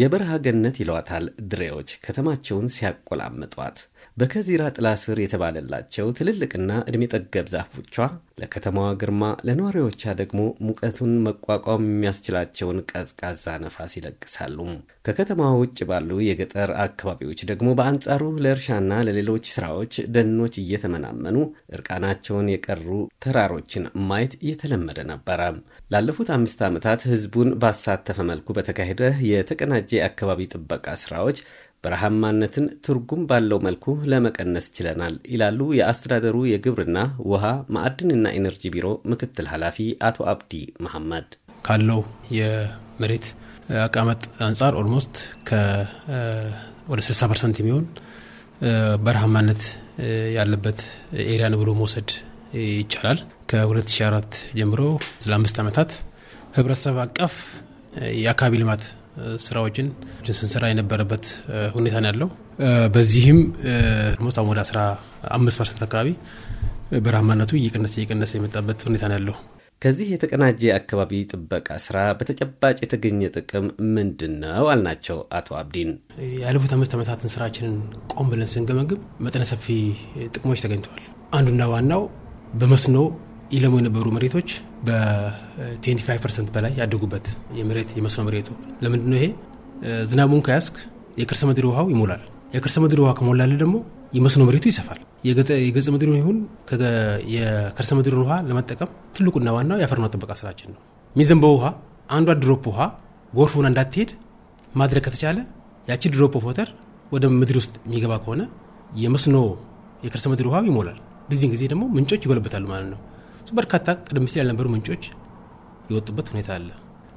የበረሃ ገነት ይለዋታል ድሬዎች ከተማቸውን ሲያቆላምጧት። በከዚራ ጥላ ስር የተባለላቸው ትልልቅና ዕድሜ ጠገብ ዛፎቿ ለከተማዋ ግርማ፣ ለነዋሪዎቿ ደግሞ ሙቀቱን መቋቋም የሚያስችላቸውን ቀዝቃዛ ነፋስ ይለግሳሉ። ከከተማዋ ውጭ ባሉ የገጠር አካባቢዎች ደግሞ በአንጻሩ ለእርሻና ለሌሎች ስራዎች ደኖች እየተመናመኑ እርቃናቸውን የቀሩ ተራሮችን ማየት እየተለመደ ነበረ። ላለፉት አምስት ዓመታት ህዝቡን ባሳተፈ መልኩ በተካሄደ የተቀና የተቀናጀ የአካባቢ ጥበቃ ስራዎች በረሃማነትን ትርጉም ባለው መልኩ ለመቀነስ ችለናል ይላሉ የአስተዳደሩ የግብርና ውሃ፣ ማዕድንና ኢነርጂ ቢሮ ምክትል ኃላፊ አቶ አብዲ መሐመድ። ካለው የመሬት አቀመጥ አንጻር ኦልሞስት ወደ 60 ፐርሰንት የሚሆን በረሃማነት ያለበት ኤሪያን ብሎ መውሰድ ይቻላል። ከ2004 ጀምሮ ለአምስት ዓመታት ህብረተሰብ አቀፍ የአካባቢ ልማት ስራዎችን ስንሰራ የነበረበት ሁኔታ ነው ያለው። በዚህም ሞስት አሁን ወደ 15 ፐርሰንት አካባቢ በረሃማነቱ እየቀነሰ እየቀነሰ የመጣበት ሁኔታ ነው ያለው። ከዚህ የተቀናጀ አካባቢ ጥበቃ ስራ በተጨባጭ የተገኘ ጥቅም ምንድን ነው አልናቸው አቶ አብዲን። ያለፉት አምስት ዓመታትን ስራችንን ቆም ብለን ስንገመግም መጠነ ሰፊ ጥቅሞች ተገኝተዋል። አንዱና ዋናው በመስኖ ይለሙ የነበሩ መሬቶች በ25 ፐርሰንት በላይ ያደጉበት የመሬት የመስኖ መሬቱ ለምንድ ነው ይሄ? ዝናቡን ከያስክ የክርሰ ምድር ውሃው ይሞላል። የክርሰ ምድር ውሃ ከሞላለ ደግሞ የመስኖ መሬቱ ይሰፋል። የገጽ ምድር ይሁን የክርሰ ምድርን ውሃ ለመጠቀም ትልቁና ዋናው የአፈርና ጥበቃ ስራችን ነው። የሚዘንበው ውሃ አንዷ ድሮፕ ውሃ ጎርፉን እንዳትሄድ ማድረግ ከተቻለ ያቺ ድሮፕ ኦፍ ወተር ወደ ምድር ውስጥ የሚገባ ከሆነ የመስኖ የክርሰ ምድር ውሃ ይሞላል። በዚህን ጊዜ ደግሞ ምንጮች ይጎለበታሉ ማለት ነው። በርካታ ቀደም ሲል ያልነበሩ ምንጮች የወጡበት ሁኔታ አለ።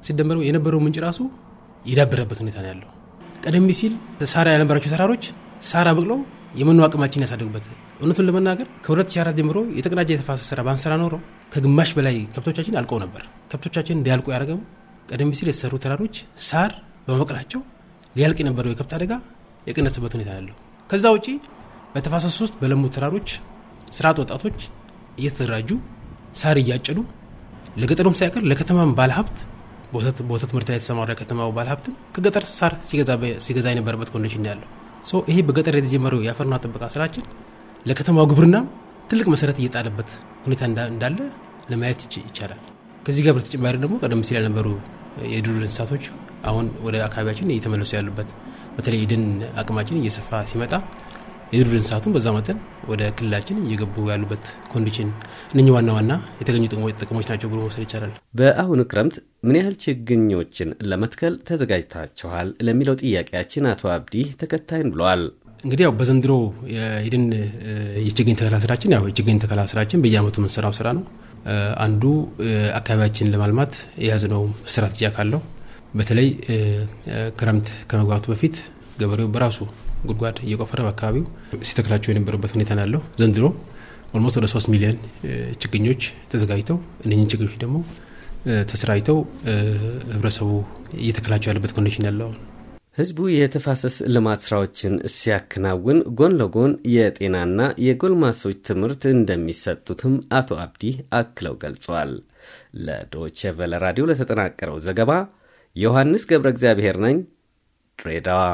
ሲደመረው የነበረው ምንጭ ራሱ የዳበረበት ሁኔታ ነው ያለው። ቀደም ሲል ሳራ ያልነበራቸው ተራሮች ሳራ ብቅለው የመኖ አቅማችን ያሳደጉበት። እውነቱን ለመናገር ከ2004 ጀምሮ የተቀናጀ የተፋሰስ ስራ ባንሰራ ኖሮ ከግማሽ በላይ ከብቶቻችን አልቀው ነበር። ከብቶቻችን እንዲያልቁ ያደረገው ቀደም ሲል የተሰሩ ተራሮች ሳር በመቅላቸው ሊያልቅ የነበረው የከብት አደጋ የቀነሰበት ሁኔታ ያለው። ከዛ ውጪ በተፋሰሱ ውስጥ በለሙ ተራሮች ስርዓት ወጣቶች እየተደራጁ ሳር እያጨዱ ለገጠሩም ሳይቀር ለከተማም ባለሀብት በወተት ምርት ላይ የተሰማሩ የከተማው ባለሀብትም ከገጠር ሳር ሲገዛ የነበረበት ኮንዲሽን ያለው ይሄ በገጠር የተጀመረው የአፈርና ጥበቃ ስራችን ለከተማው ግብርናም ትልቅ መሰረት እየጣለበት ሁኔታ እንዳለ ለማየት ይቻላል። ከዚህ ጋር በተጨማሪ ደግሞ ቀደም ሲል ያልነበሩ የዱር እንስሳቶች አሁን ወደ አካባቢያችን እየተመለሱ ያሉበት በተለይ የደን አቅማችን እየሰፋ ሲመጣ የዱር እንስሳቱን በዛ መጠን ወደ ክልላችን እየገቡ ያሉበት ኮንዲሽን እነኚህ ዋና ዋና የተገኙ ጥቅሞች ናቸው ብሎ መውሰድ ይቻላል። በአሁኑ ክረምት ምን ያህል ችግኞችን ለመትከል ተዘጋጅታችኋል ለሚለው ጥያቄያችን አቶ አብዲ ተከታይን ብለዋል። እንግዲህ ያው በዘንድሮ የደን የችግኝ ተከላ ስራችን ያው የችግኝ ተከላ ስራችን በየአመቱ የምንሰራው ስራ ነው። አንዱ አካባቢያችንን ለማልማት የያዝነው ስትራቴጂ አካል ነው። በተለይ ክረምት ከመግባቱ በፊት ገበሬው በራሱ ጉድጓድ እየቆፈረ በአካባቢው ሲተክላቸው የነበረበት ሁኔታ ነው ያለው። ዘንድሮ ኦልሞስት ወደ ሶስት ሚሊዮን ችግኞች ተዘጋጅተው እነኝን ችግኞች ደግሞ ተስራይተው ህብረተሰቡ እየተከላቸው ያለበት ኮንዲሽን ያለው ህዝቡ የተፋሰስ ልማት ስራዎችን ሲያከናውን ጎን ለጎን የጤናና የጎልማሶች ትምህርት እንደሚሰጡትም አቶ አብዲ አክለው ገልጸዋል። ለዶቼ ቨለ ራዲዮ ለተጠናቀረው ዘገባ ዮሐንስ ገብረ እግዚአብሔር ነኝ ድሬዳዋ